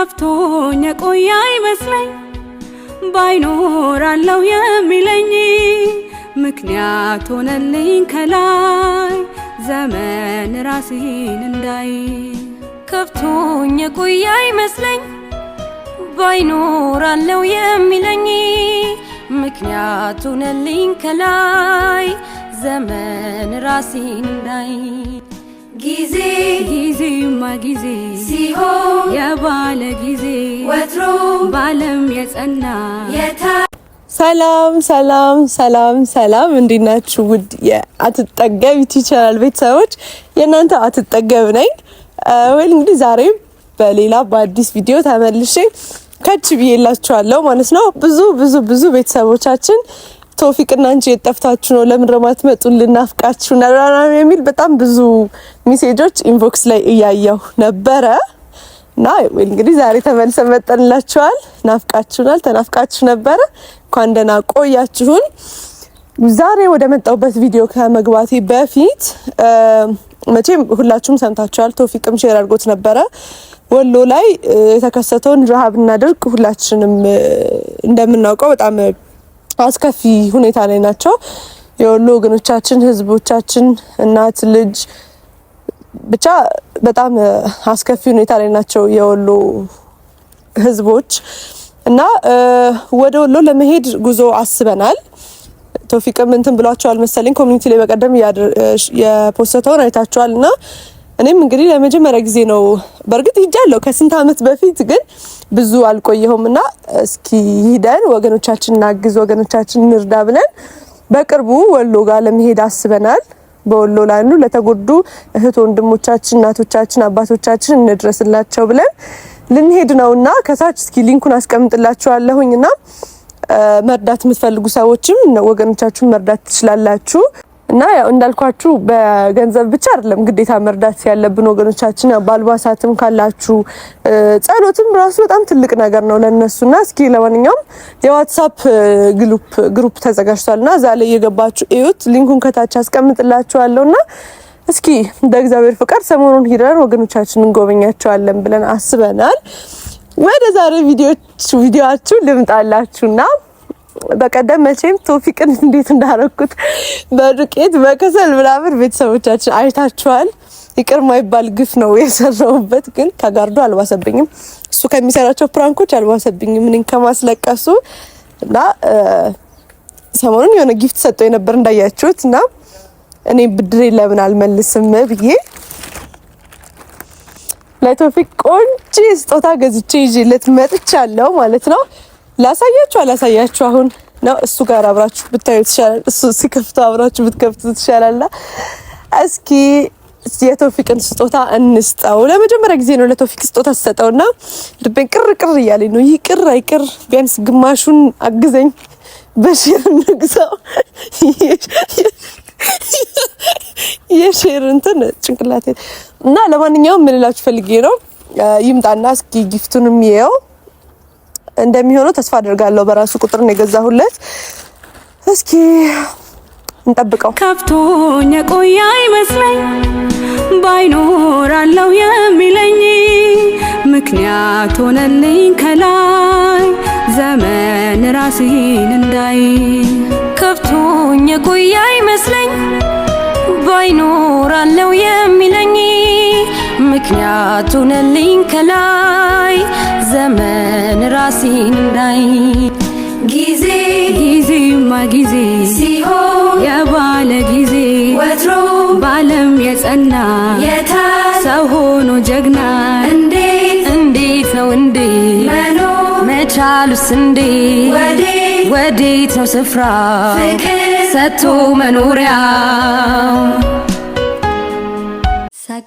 ጠፍቶኝ የቆየ አይመስለኝ ባይኖራለው የሚለኝ ምክንያት ሆነልኝ ከላይ ዘመን ራሴን እንዳይ ከፍቶኝ የቆየ አይመስለኝ ባይኖራለው የሚለኝ ምክንያት ሆነልኝ ከላይ ዘመን ራሴን እንዳይ ጊዜ ማ ጊዜ ሲሆን የባለ ጊዜ ወትሮ ባለም የጸና ሰላም ሰላም ሰላም ሰላም፣ እንዴት ናችሁ? ውድ የአትጠገብ ዩቲዩብ ቻናል ቤተሰቦች የእናንተ አትጠገብ ነኝ። ወይም እንግዲህ ዛሬም በሌላ በአዲስ ቪዲዮ ተመልሼ ከች ብዬላችኋለሁ ማለት ነው። ብዙ ብዙ ብዙ ቤተሰቦቻችን ቶፊቅና እንጂ የጠፍታችሁ ነው ለምን ረማት መጡ ልናፍቃችሁ ነራራም የሚል በጣም ብዙ ሜሴጆች ኢንቦክስ ላይ እያየሁ ነበረ። እና እንግዲህ ዛሬ ተመልሰን መጠንላችኋል። ናፍቃችሁናል፣ ተናፍቃችሁ ነበረ። እንኳን ደህና ቆያችሁን። ዛሬ ወደ መጣሁበት ቪዲዮ ከመግባቴ በፊት መቼም ሁላችሁም ሰምታችኋል፣ ቶፊቅም ሼር አድርጎት ነበረ ወሎ ላይ የተከሰተውን ረሃብና ድርቅ ሁላችንም እንደምናውቀው በጣም አስከፊ ሁኔታ ላይ ናቸው። የወሎ ወገኖቻችን፣ ህዝቦቻችን፣ እናት ልጅ ብቻ በጣም አስከፊ ሁኔታ ላይ ናቸው የወሎ ህዝቦች እና ወደ ወሎ ለመሄድ ጉዞ አስበናል። ቶፊቅም እንትን ብሏቸዋል መሰለኝ ኮሚኒቲ ላይ በቀደም የፖስተውን አይታችኋል እና እኔም እንግዲህ ለመጀመሪያ ጊዜ ነው። በእርግጥ ሂጃለሁ ከስንት ዓመት በፊት ግን ብዙ አልቆየሁም እና እስኪ ሂደን ወገኖቻችን እናግዝ፣ ወገኖቻችን እንርዳ ብለን በቅርቡ ወሎ ጋር ለመሄድ አስበናል። በወሎ ላሉ ለተጎዱ እህት ወንድሞቻችን፣ እናቶቻችን፣ አባቶቻችን እንድረስላቸው ብለን ልንሄድ ነው እና ከታች እስኪ ሊንኩን አስቀምጥላችኋለሁኝ እና መርዳት የምትፈልጉ ሰዎችም ወገኖቻችሁን መርዳት ትችላላችሁ። እና ያው እንዳልኳችሁ በገንዘብ ብቻ አይደለም ግዴታ መርዳት ያለብን ወገኖቻችን። ያው በአልባሳትም ካላችሁ ጸሎትም ራሱ በጣም ትልቅ ነገር ነው ለነሱና። እስኪ ለማንኛውም የዋትሳፕ ግሩፕ ግሩፕ ተዘጋጅቷልና እዛ ላይ የገባችሁ እዩት። ሊንኩን ከታች አስቀምጥላችኋለሁና እስኪ እንደ እግዚአብሔር ፍቃድ ሰሞኑን ሂደን ወገኖቻችን እንጎበኛቸዋለን ብለን አስበናል። ወደ ዛሬ ቪዲዮ ቪዲዮአችሁ ልምጣላችሁና በቀደም መቼም ቶፊቅን እንዴት እንዳረኩት በዱቄት በከሰል ምናምን ቤተሰቦቻችን አይታችኋል። ይቅር ማይባል ግፍ ነው የሰራውበት፣ ግን ከጋርዶ አልባሰብኝም። እሱ ከሚሰራቸው ፕራንኮች አልባሰብኝም። እኔን ከማስለቀሱ እና ሰሞኑን የሆነ ጊፍት ሰጠው የነበር እንዳያችሁት እና እኔ ብድሬ ለምን አልመልስም ብዬ ለቶፊቅ ቆንጆ ስጦታ ገዝቼ ይዤለት መጥቻለሁ ማለት ነው። ላሳያችሁ አላሳያችሁ አሁን ነው እሱ ጋር አብራችሁ ብታዩ ትሻላል። እሱ ሲከፍቱ አብራችሁ ብትከፍቱ ትሻላልና እስኪ የቶፊቅን ስጦታ እንስጠው። ለመጀመሪያ ጊዜ ነው ለቶፊቅ ስጦታ ስሰጠውና ልቤን ቅር ቅር እያለኝ ነው። ይህ ቅር አይቅር ቢያንስ ግማሹን አግዘኝ በሽር እንግዛው። የሼር እንትን ጭንቅላቴ እና ለማንኛውም ምንላችሁ ፈልጌ ነው ይምጣና እስኪ ጊፍቱንም ይየው እንደሚሆነው ተስፋ አድርጋለሁ። በራሱ ቁጥር ነው የገዛሁለት። እስኪ እንጠብቀው። ከፍቶኝ የቆየ አይመስለኝ ባይኖር አለው የሚለኝ ምክንያት ሆነልኝ ከላይ ዘመን ራስህን እንዳይ ከፍቶኝ የቆየ አይመስለኝ ባይኖር የሚለኝ ምክንያቱ ነልኝ ከላይ ዘመን ራሴ እንዳይ ጊዜ ጊዜማ ጊዜ ሲሆን የባለ ጊዜ ወትሮ ባለም የጸና የታ ሰው ሆኖ ጀግና እንዴት እንዴት ነው እንዴ መኖ መቻሉስ እንዴ ወዴት ነው ስፍራ ሰጥቶ መኖሪያ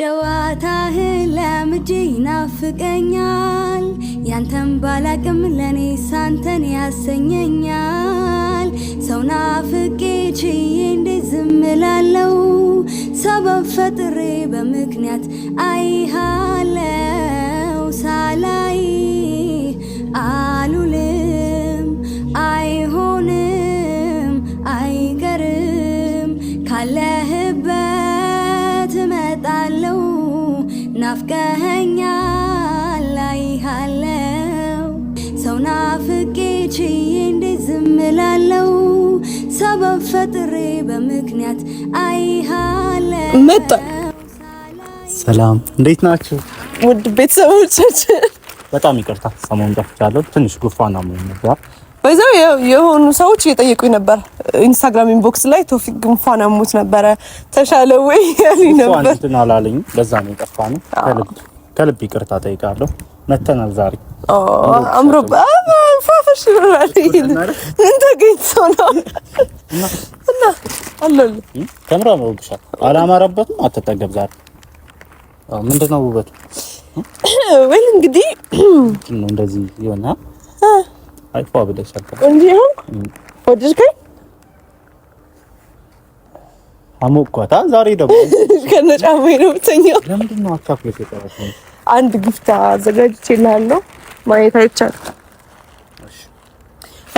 ጨዋታህ ለምጄ ይናፍቀኛል ያንተን ባላቅም ለኔ ሳንተን ያሰኘኛል ሰው ናፍቄ ችዬ እንዴት ዝም እላለው ሰበብ ፈጥሬ በምክንያት አይሃለው ሳላይ አሉል ናፍቀኸኛል ላይሃለው ሰው ናፍቄ ችዬ እንዴት ዝም እላለው? ሰበብ ፈጥሬ በምክንያት አይሃለው። መጣ ሰላም፣ እንዴት ናችሁ ውድ ቤተሰቦቻችን? በጣም ይቅርታ ሰሞኑን ጠፍቻለሁ። ትንሽ ጉፋን አሞኝ ነበር። በዛው የሆኑ ሰዎች እየጠየቁኝ ነበር። ኢንስታግራም ኢንቦክስ ላይ ቶፊቅ እንኳን አሞት ነበረ ተሻለ ወይ ያሉኝ ነበር። እንትን አላለኝ። በዛ ነው የጠፋ ነው። ከልብ ይቅርታ ጠይቃለሁ። መተናል ዛሬ አምሮ ፋፈሽ ብሏል። ምን ተገኝቶ ነው? እና አለል ከምራ መውቅሻል አላማረበትም። አትጠገብ ዛሬ ምንድነው ውበቱ? ወይ እንግዲህ እንደዚህ ይሆናል አይጥፋ ብለሽ እንዲሁ ወደድከኝ። አሞኳታ ዛሬ ደግሞ ከነጫሜ ነው ብተኛው። ለምንድን ነው አካፍለሽ የጠራሽው? አንድ ግፍታ አዘጋጅቼልሃለሁ። ማየት አይቻልም።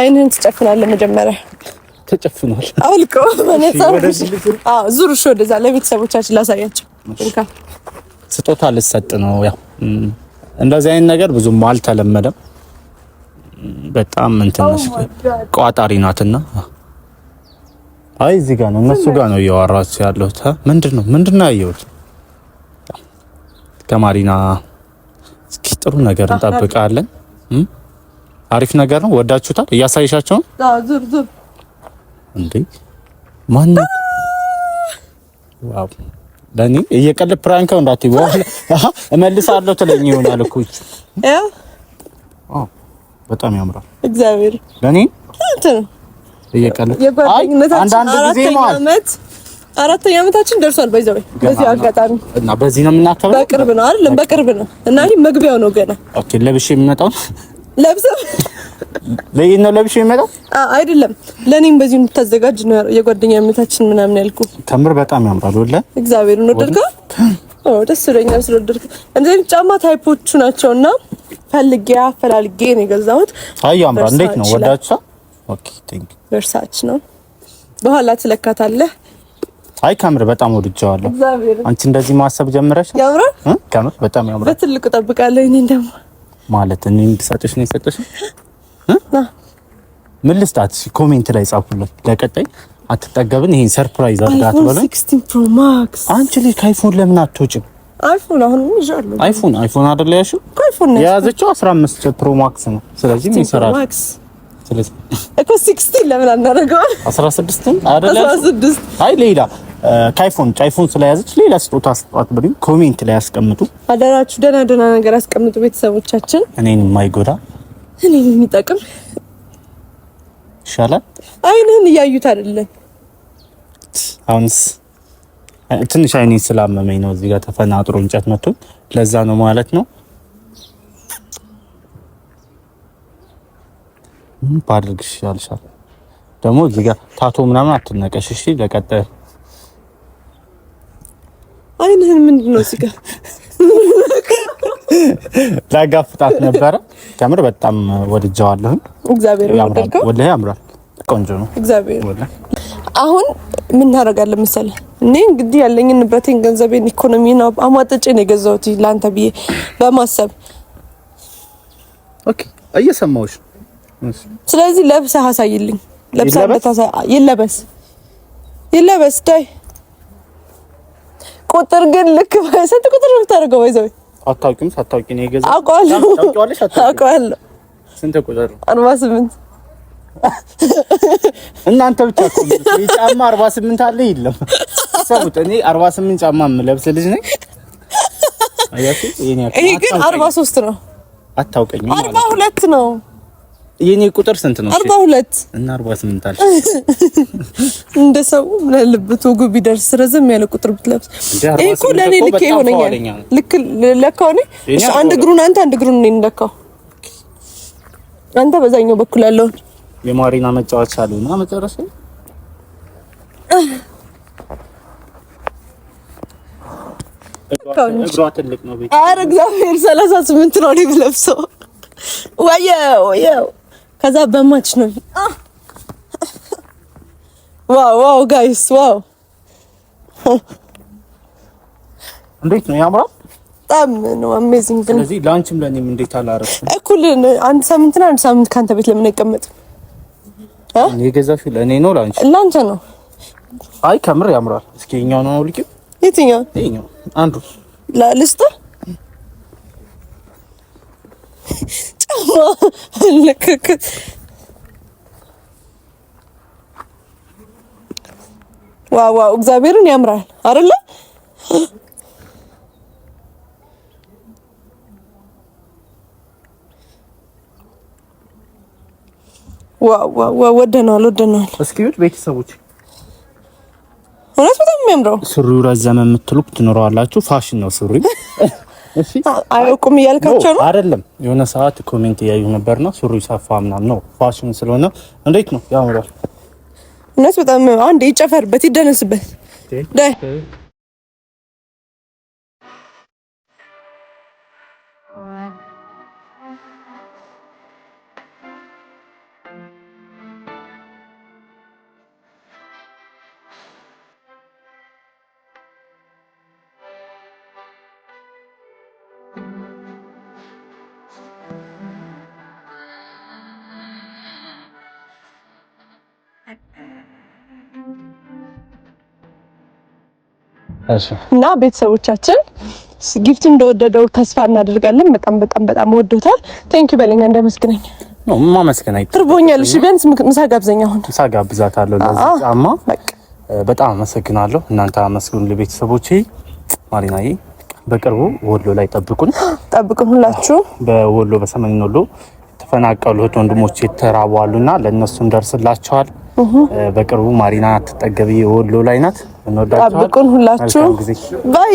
አይንህን ትጨፍናለህ መጀመሪያ። ተጨፍኗል። አልቆ አዎ፣ ዙር። እሺ፣ ወደዛ ለቤተሰቦቻችን ላሳያቸው። ስጦታ ልሰጥ ነው። ያው እንደዚህ አይነት ነገር ብዙም አልተለመደም። በጣም እንትነሽ oh ቋጣሪ ናትና። አይ እዚህ ጋር ነው እነሱ ጋር ነው እያወራችሁ ያለሁት። ምንድን ነው ምንድን ነው ያየሁት ከማሪና እስኪ ጥሩ ነገር እንጠብቃለን። አሪፍ ነገር ነው። ወዳችሁታል። እያሳይሻቸው ነው እንዴ? ማን ዋው! ዳኒ እየቀለድ ፕራንክ እንዳትይ፣ እንዳትዪ፣ እመልሳለሁ ትለኝ ይሆናል እኮ በጣም ያምራል። እግዚአብሔር ለኔ አንተ እየቀለ እንትን አራተኛ አመታችን ደርሷል። በዛው በዚህ አጋጣሚ እና በዚህ ነው የምናከብረው። በቅርብ ነው አይደል? በቅርብ ነው እና ይሄ መግቢያው ነው ገና። ኦኬ ለብሼ የሚመጣው ለብሰ ለይህ ነው ለብሼ የሚመጣው አይደለም። ለኔም በዚህ የምታዘጋጅ ነው የጓደኛ አመታችን ምናምን ያልኩ። ተምር በጣም ያምራል። ወለ እግዚአብሔር ነው ደርጋ። ኦ ደስ ይለኛል ስለደርጋ። እንደዚህ ጫማ ታይፖቹ ናቸውና ፈልጌ አፈላልጌ ነው የገዛሁት። አይ አምራ እንዴት ነው ወዳቻ? ኦኬ ቲንክ ቨርሳች ነው። በኋላ ትለካታለህ። አይ ከምር በጣም ወድጃዋለሁ። አንቺ እንደዚህ ማሰብ ጀምረሽ ያምራ። ከምር በጣም ያምራ። በትልቁ እጠብቃለሁ። እኔ ደግሞ ማለት እኔ እንድሰጥሽ ነው የሰጥሽ። ምን ልስጣት? ኮሜንት ላይ ጻፉልኝ ለቀጣይ አትጠገብን። ይሄን ሰርፕራይዝ አድርጋት በለኝ። አንቺ ልጅ ከአይፎን ለምን አትወጪም? አይፎን አሁን ይዣለሁ። አይፎን አይፎን አይደለ ያልሽው? አይፎን ነው የያዘችው 15 ፕሮ ማክስ ነው። ስለዚህ ምን ይሰራል? ማክስ ስለዚህ እኮ 16 ለምን አናደርገዋል? 16 አይደለ? 16 አይ ሌላ ከአይፎን አይፎን ስለያዘች ሌላ ስጦታ ስጧት ብሉ። ኮሜንት ላይ አስቀምጡ አደራችሁ። ደህና ደህና ነገር አስቀምጡ ቤተሰቦቻችን። እኔን የማይጎዳ እኔን የሚጠቅም ይሻላል። አይንህን እያዩት አይደለም አሁንስ ትንሽ አይኔ ስላመመኝ ነው። እዚህ ጋር ተፈናጥሮ እንጨት መቶ ለዛ ነው ማለት ነው። ምን ባድርግሽ ያልሻል ደግሞ እዚህ ጋር ታቶ ምናምን አትነቀሽ እሺ። ለቀጣይ አይንህን ምንድን ነው እዚህ ጋር ላጋፍጣት ነበረ። ከምር በጣም ወድጀዋለሁ። እግዚአብሔር ይመስገን። ወላሂ ያምራል። ቆንጆ ነው። እግዚአብሔር አሁን ምን እናደርጋለን መሰለህ እኔ እንግዲህ ያለኝን ንብረቴን፣ ገንዘቤን፣ ኢኮኖሚ ነው አሟጠጬ ነው የገዛሁት ለአንተ ብዬ በማሰብ ኦኬ። እየሰማሁሽ ነው። ስለዚህ ለብሰህ አሳይልኝ። ለብሰህ እንደታሳ ይለበስ ይለበስ ዳይ ቁጥር ግን ልክ ስንት ቁጥር ነው የምታደርገው? ወይዘው አታውቂም። ሳታውቂ ነው የገዛሁት አውቀዋለሁ፣ አውቀዋለሁ። ስንት ቁጥር ነው? አርባ ስምንት እናንተ ብቻ እኮ ይጫማ አርባ ስምንት አለ የለም አስቡት። እኔ 48 ጫማ የምለብስ ልጅ ነኝ። ይሄ ግን 43 ነው። አታውቀኝም። 42 ነው። የኔ ቁጥር ስንት ነው? 42 እና 48 አለ። እንደ ሰው ምን አለበት ወጉ ቢደርስ ረዘም ያለ ቁጥር ብትለብስ። ይሄ እኮ ለኔ ልክ ይሆነኛል። ልክ ለካው ነው። እሺ አንድ እግሩን አንተ አንድ እግሩን እኔን ለካው አንተ በዛኛው በኩል ያለውን የማሪና መጫወቻ አሉና መጨረሻ ኧረ እግዚአብሔር ሰላሳ ስምንት ነው የሚለብሰው። ወየው ወየው። ከዛ በማች ነው። ዋው ዋው ጋይስ ዋው! እንዴት ነው ያምራል። በጣም ነው አሜዚንግ። ስለዚህ ለአንቺም ለእኔም እንዴት አላረፍኩም። እኩል አንድ ነው። አንድ ሳምንት ከአንተ ቤት ለምን አይቀመጥም? የገዛሽው ለእኔ ነው ለአንቺ ለአንተ ነው። አይ ከምር ያምራል። እስኪ የእኛውን ነው ልቂ። የትኛው የትኛው አንዱ ልስጥ ጫማ አለከከት ዋው ዋው እግዚአብሔርን ያምራል አይደለ? ዋው ዋው ወደናል ወደናል። እስኪ ቤተሰቦች የሚያምረው ሱሪው ረዘመ የምትሉ ትኖረዋላችሁ። ፋሽን ነው ሱሪ አያውቁም እያልካቸው ነው አይደለም። የሆነ ሰዓት ኮሜንት እያዩ ነበርና ሱሪ ሰፋ ምናምን ነው ፋሽን ስለሆነ እንዴት ነው ያምራል። እነሱ በጣም አንድ ይጨፈርበት ይደነስበት እና ቤተሰቦቻችን ጊፍት እንደወደደው ተስፋ እናደርጋለን። በጣም በጣም በጣም ወዶታል። ቴንክ ዩ በለኛ እንዳመስግነኝ ነው ማመስገናይ ትርቦኛል። እሺ ቢያንስ ምሳ ጋብዘኛ አሁን ምሳ ጋብዛታለሁ። ለዚህ ጫማ በጣም አመሰግናለሁ። እናንተ አመስግኑ ለቤተሰቦቼ። ማሪናዬ በቅርቡ ወሎ ላይ ጠብቁን፣ ጠብቁን ሁላችሁ በወሎ በሰሜን ወሎ ተፈናቀሉት ወንድሞቼ ተራቧሉና ለእነሱም ደርስላቸዋል። በቅርቡ ማሪና አትጠገቢ ወሎ ላይ ናት። እንወዳችኋል። ጠብቁን ሁላችሁ ባይ